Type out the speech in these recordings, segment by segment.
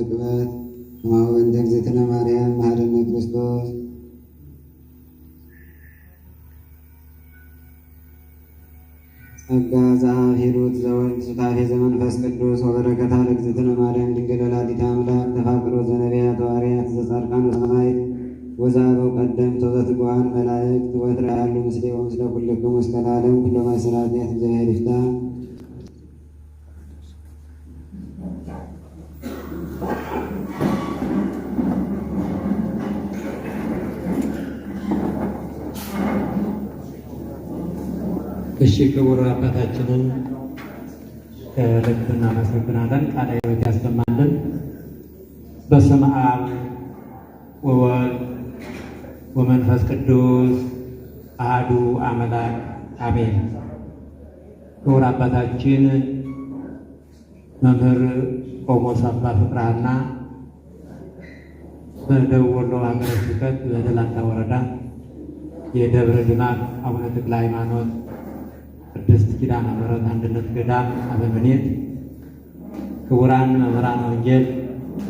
ዘቅባት ማወን ዘግዝእትነ ማርያም ማህደነ ክርስቶስ ጸጋ ዘአብ ሂሩት ዘወልድ ሱታፌ ዘመንፈስ ቅዱስ ወበረከታ ለእግዝእትነ ማርያም ድንግል ወላዲተ አምላክ ተፋቅሮ ዘነቢያት ተዋርያት ዘጻድቃን ወሰማዕት ወዛበው ቀደምት ዘትጉሃን መላእክት ወትረአሉ ምስሌ ወምስለ ኩልክሙ እስከ ለዓለም ኩሎ ማእሰራት እግዚአብሔር ይፍታ እሺ ክቡር አባታችንን ከልብ እናመሰግናለን። ቃለ ሕይወት ያሰማልን። በስመ አብ ወወልድ ወመንፈስ ቅዱስ አህዱ አምላክ አሜን። ክቡር አባታችን መምህር ቆሞስ አባ ፍቅርሃና በደቡብ ወሎ ሀገረ ስብከት በደላንታ ወረዳ የደብረ ድናት አቡነ ተክለ ሃይማኖት ቅድስት ኪዳነ ምሕረት አንድነት ገዳም አበምኔት፣ ክቡራን መምህራን ወንጌል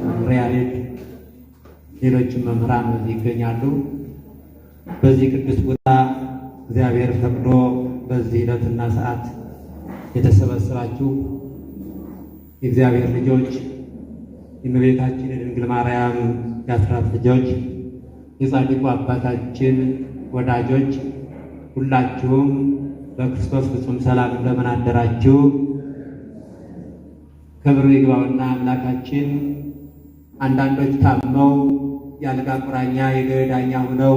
መምህር ያሬድ፣ ሌሎችም መምህራን በዚህ ይገኛሉ። በዚህ ቅዱስ ቦታ እግዚአብሔር ፈቅዶ በዚህ ዕለትና ሰዓት የተሰበሰባችሁ የእግዚአብሔር ልጆች፣ የእመቤታችን የድንግል ማርያም የአስራት ልጆች፣ የጻድቁ አባታችን ወዳጆች ሁላችሁም በክርስቶስ ፍጹም ሰላም እንደምን አደራችሁ? ክብር ይግባውና አምላካችን አንዳንዶች ታመው የአልጋ ቁራኛ የገዳኛ ሆነው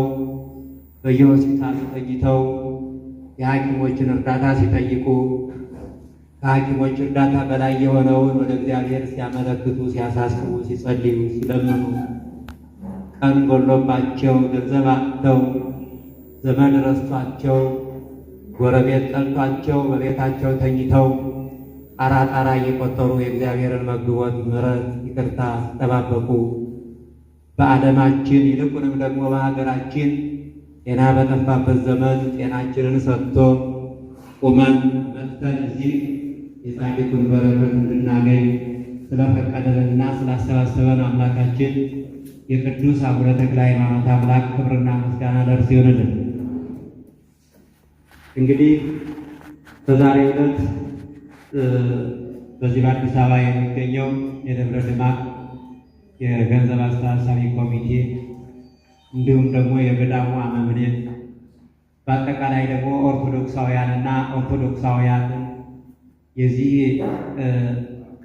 በየሆስፒታሉ ተኝተው የሐኪሞችን እርዳታ ሲጠይቁ ከሐኪሞች እርዳታ በላይ የሆነውን ወደ እግዚአብሔር ሲያመለክቱ፣ ሲያሳስቡ፣ ሲጸልዩ፣ ሲለምኑ ቀን ጎሎባቸው ገንዘብ አጥተው ዘመን ረስቷቸው ጎረቤት ጠልቷቸው በቤታቸው ተኝተው ጣራ ጣራ እየቆጠሩ የእግዚአብሔርን መግቦት፣ ምሕረት፣ ይቅርታ ጠባበቁ። በዓለማችን ይልቁንም ደግሞ በሀገራችን ጤና በጠፋበት ዘመን ጤናችንን ሰጥቶ ቁመን መጥተን እዚህ የጻድቁን በረከት እንድናገኝ ስለፈቀደንና ስላሰባሰበን አምላካችን የቅዱስ አቡነ ተክለ ሃይማኖት አምላክ ክብርና ምስጋና ለእርሱ ይሆንልን። እንግዲህ በዛሬ ዕለት በዚህ በአዲስ አበባ የሚገኘው የደብረ ድማቅ የገንዘብ አስተሳሳቢ ኮሚቴ እንዲሁም ደግሞ የገዳሙ አመምኔት በአጠቃላይ ደግሞ ኦርቶዶክሳውያን እና ኦርቶዶክሳውያን የዚህ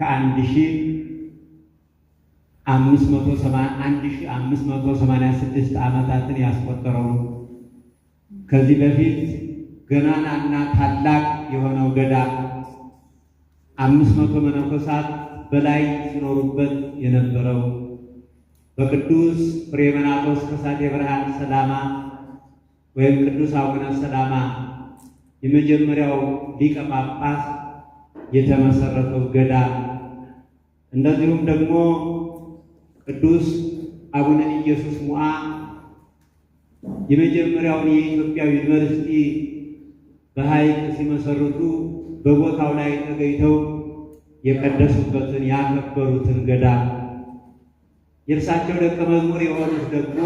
ከአንድ ሺ አምስት መቶ ሰማንያ ስድስት ዓመታትን ያስቆጠረው ከዚህ በፊት ገናናና ታላቅ የሆነው ገዳም አምስት መቶ መነኮሳት በላይ ሲኖሩበት የነበረው በቅዱስ ፍሬምናጦስ ከሳቴ ብርሃን ሰላማ ወይም ቅዱስ አቡነ ሰላማ የመጀመሪያው ሊቀ ጳጳስ የተመሰረተው ገዳም እንደዚሁም ደግሞ ቅዱስ አቡነ ኢየሱስ ሙዓ የመጀመሪያውን የኢትዮጵያ ዩኒቨርሲቲ በሐይቅ ሲመሰርቱ በቦታው ላይ ተገኝተው የቀደሱበትን ያከበሩትን ገዳም የእርሳቸው ደቀ መዝሙር የሆኑት ደግሞ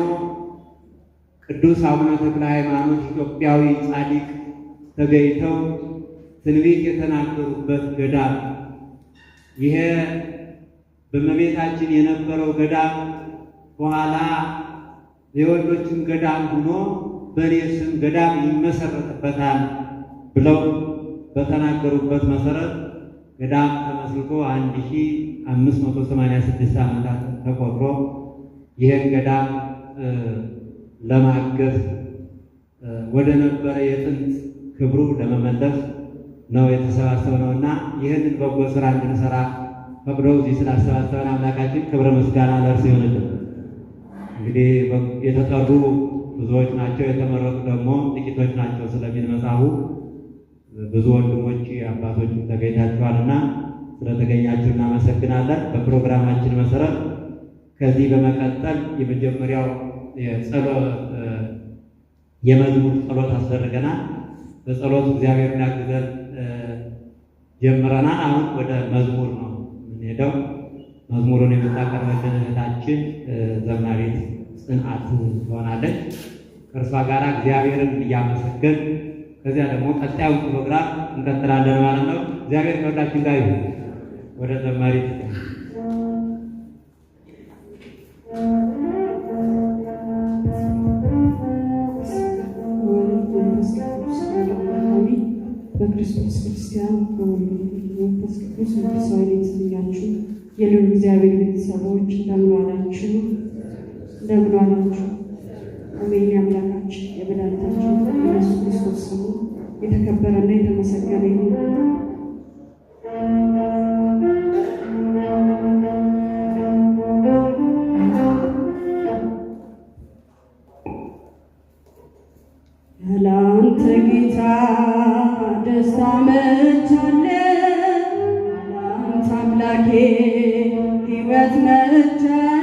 ቅዱስ አቡነ ተክለ ሃይማኖት ኢትዮጵያዊ ጻድቅ ተገኝተው ትንቢት የተናገሩበት ገዳም ይሄ በመቤታችን የነበረው ገዳም በኋላ የወንዶችን ገዳም ሆኖ በእኔ ስም ገዳም ይመሰረትበታል ብለው በተናገሩበት መሰረት ገዳም ተመስርቶ 1586 ዓመታት ተቆጥሮ ይህን ገዳም ለማገዝ ወደ ነበረ የጥንት ክብሩ ለመመለስ ነው ነው እና ይህንን በጎ ስራ እንድንሰራ ፈቅደው እዚህ ስላሰባሰበን አምላካችን ክብረ ምስጋና ለእርስ ይሆንልን። እንግዲህ የተጠሩ ብዙዎች ናቸው፣ የተመረጡ ደግሞ ጥቂቶች ናቸው ስለሚል መጽሐፉ ብዙ ወንድሞች አባቶችም ተገኝታችኋል እና ስለተገኛችሁ እናመሰግናለን። በፕሮግራማችን መሰረት ከዚህ በመቀጠል የመጀመሪያው የመዝሙር ጸሎት አስደርገናል። በጸሎት እግዚአብሔር ያግዘን ጀምረናል። አሁን ወደ መዝሙር ነው የምንሄደው። መዝሙሩን የምታቀርበልን እህታችን ዘምናዊት ጽንአት ትሆናለች። ከእርሷ ጋር እግዚአብሔርን እያመሰገን ከዚያ ደግሞ ቀጣዩ ፕሮግራም እንቀጥላለን ማለት ነው። እግዚአብሔር ከሁላችን ጋር ይሁን። ወደ ዘማሪ በክርስቶስ ክርስቲያን መንፈስ ቅዱስ መንፈሳዊ የልዑል እግዚአብሔር ቤተሰቦች እንደምን ዋላችሁ? እንደምን ዋላችሁ? አሜን። አምላካ ልጆች የመድኃኒታችን ኢየሱስ ክርስቶስ ስሙ የተከበረና የተመሰገነ ይሁን። ደስታ አምላኬ ሕይወት መቻለ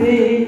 day.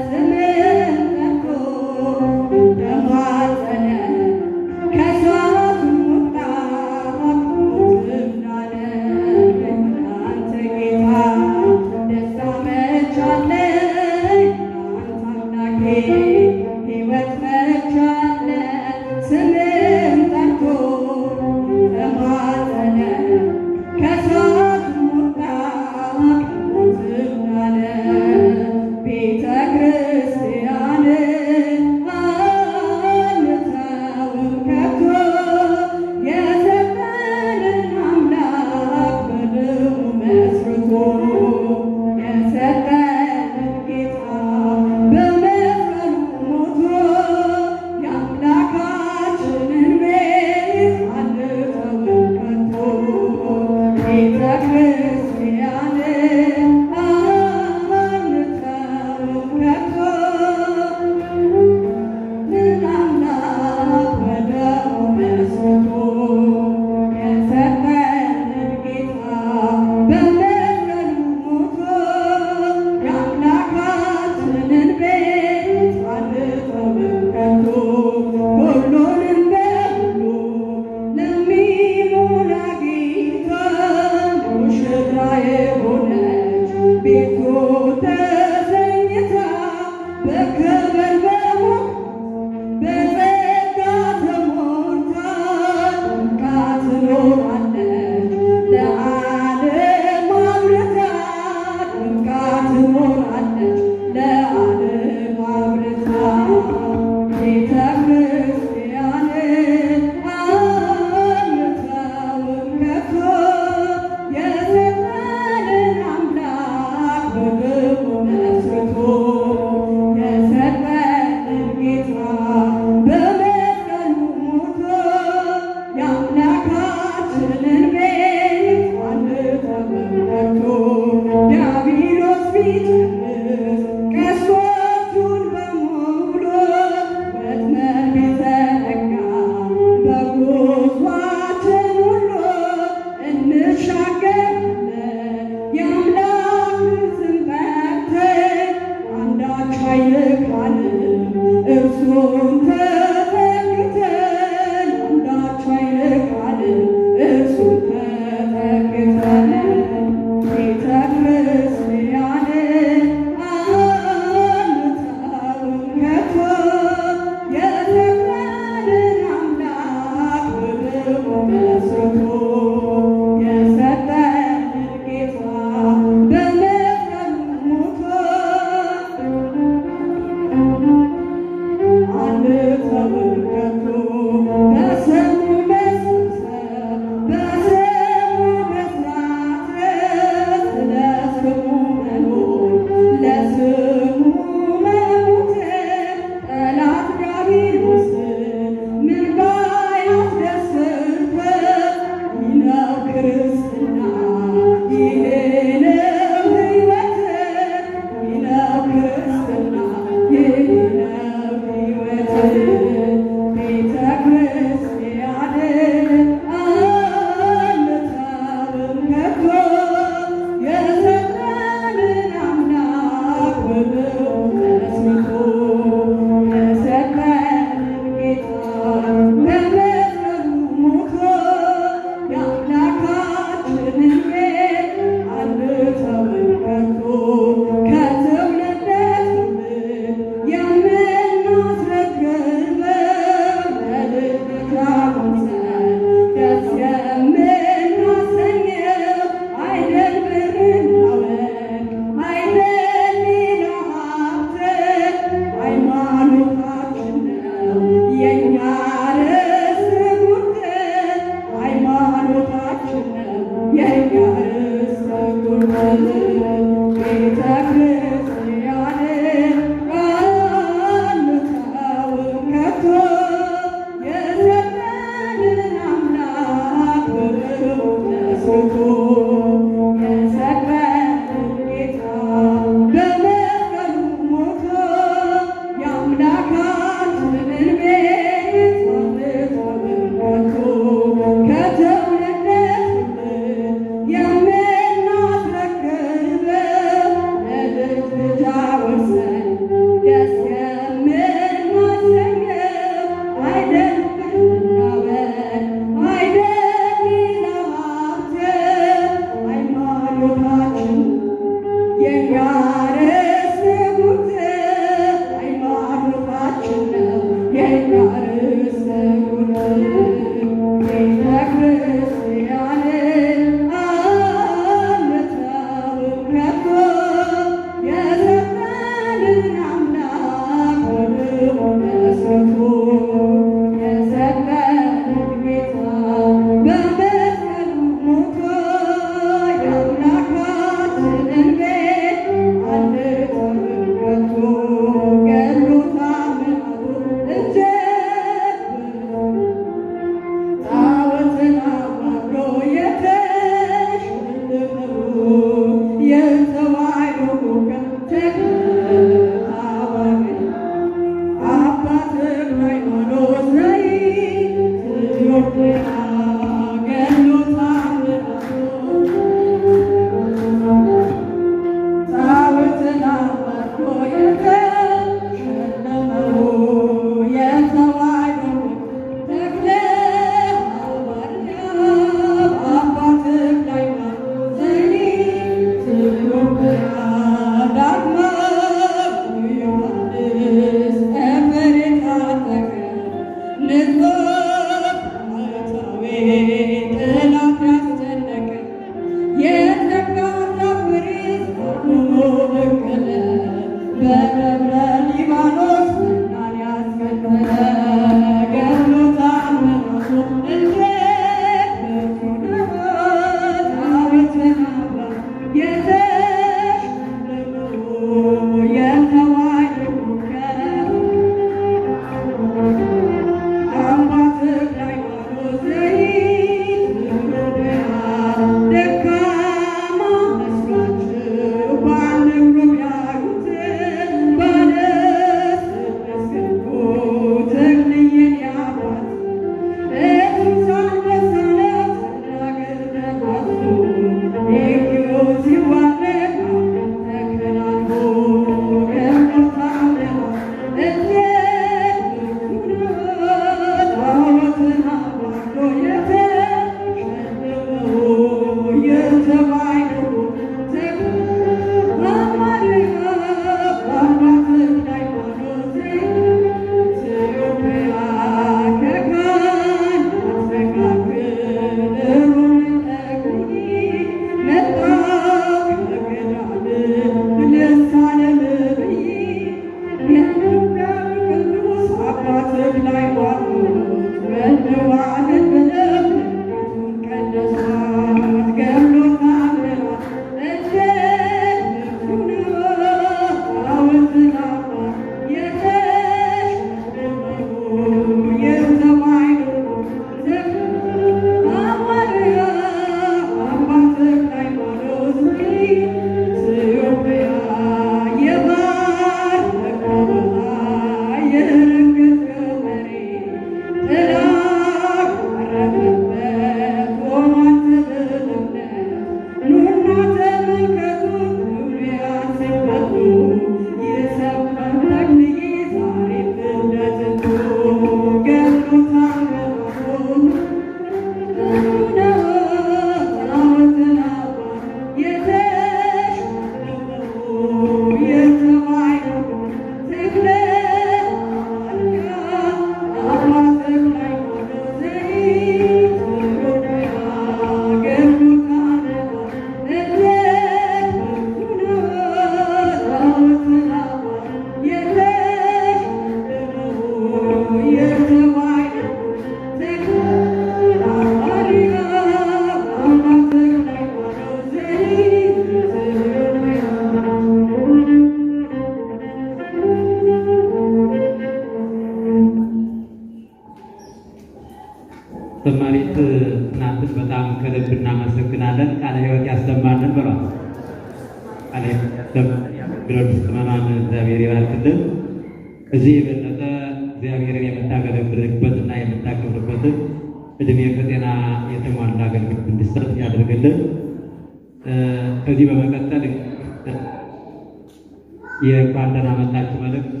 የእንኳን ደህና መጣችሁ መልእክት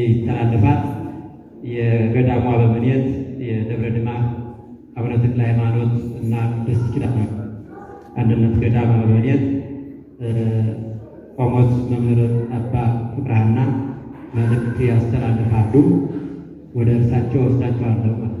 ይተላለፋል። የገዳሙ አበምኔት የደብረ ድማ አቡነ ተክለ ሃይማኖት እና ቅድስት ኪዳነ አንድነት ገዳም አበምኔት ቆሞት መምህር አባ ፍቅርሃና መልእክት ያስተላልፋሉ። ወደ እርሳቸው ወስዳቸዋለሁ ማለት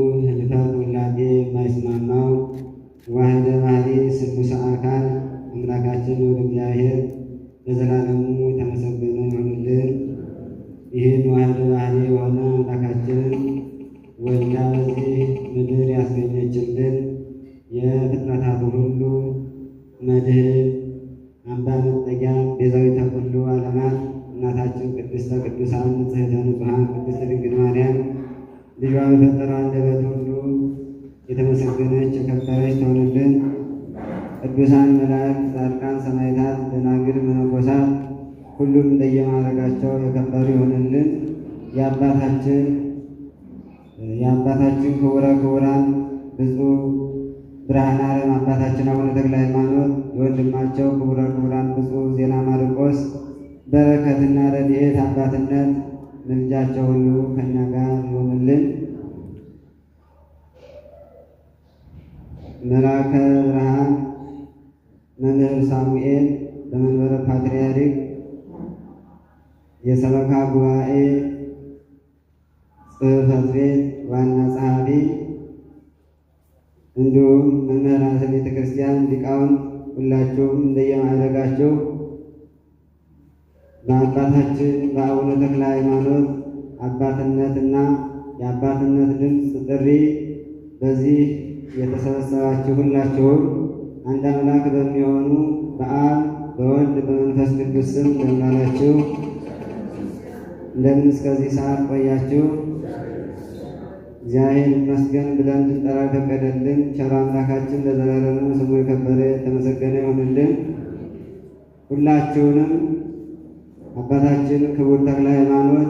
የአባታችን የአባታችን ክቡረ ክቡራን ብፁዕ ብርሃነ ዓለም አባታችን አቡነ ተክለ ሃይማኖት የወንድማቸው ክቡረ ክቡራን ብፁዕ ዜና ማርቆስ በረከትና ረድኤት አባትነት ምልጃቸው ሁሉ ከእኛ ጋር ይሆንልን። መልአከ ብርሃን መምህር ሳሙኤል በመንበረ ፓትርያርክ የሰበካ ጉባኤ ጽሕፈት ቤት ዋና ጸሐፊ እንዲሁም መምህራተ ቤተ ክርስቲያን ሊቃውንት ሁላችሁም እንደየማዕረጋችሁ በአባታችን በአቡነ ተክለ ሃይማኖት አባትነትና የአባትነት ድምፅ ጥሪ በዚህ የተሰበሰባችሁ ሁላችሁም አንድ አምላክ በሚሆኑ በአብ በወልድ በመንፈስ ቅዱስ ስም እንደምናላችሁ እንደምን እስከዚህ ሰዓት ቆያችሁ? እግዚአብሔር ይመስገን ብለን እንድንጠራ ፈቀደልን። ቸር አምላካችን ለዘላለሙ ስሙ የከበረ የተመሰገነ ይሆንልን። ሁላችሁንም አባታችን ክቡር ተክለ ሃይማኖት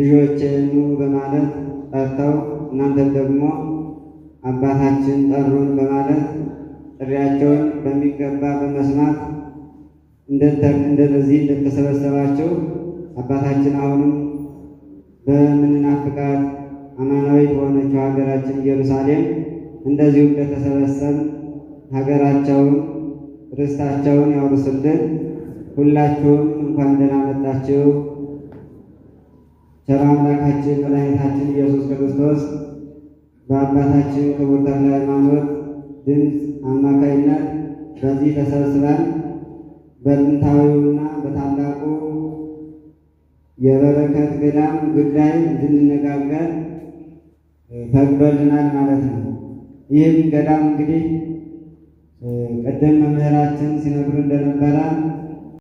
ልጆቼኑ በማለት ጠርተው እናንተም ደግሞ አባታችን ጠሩን በማለት ጥሪያቸውን በሚገባ በመስማት እንደዚህ እንደተሰበሰባቸው አባታችን አሁንም በምንናፍቃት አማናዊት በሆነችው ሀገራችን ኢየሩሳሌም እንደዚሁ እንደተሰበሰብ ሀገራቸውን ርስታቸውን ያውርስልን። ሁላችሁም እንኳን ደህና መጣችሁ። ቸር አምላካችን መድኃኒታችን ኢየሱስ ክርስቶስ በአባታችን ክቡር ተክለ ሃይማኖት ድምፅ አማካይነት በዚህ ተሰብስበን በጥንታዊውና በታላቁ የበረከት ገዳም ጉዳይ እንድንነጋገር ፈቅዶልናል ማለት ነው። ይህም ገዳም እንግዲህ ቅድም መምህራችን ሲነግሩ እንደነበረ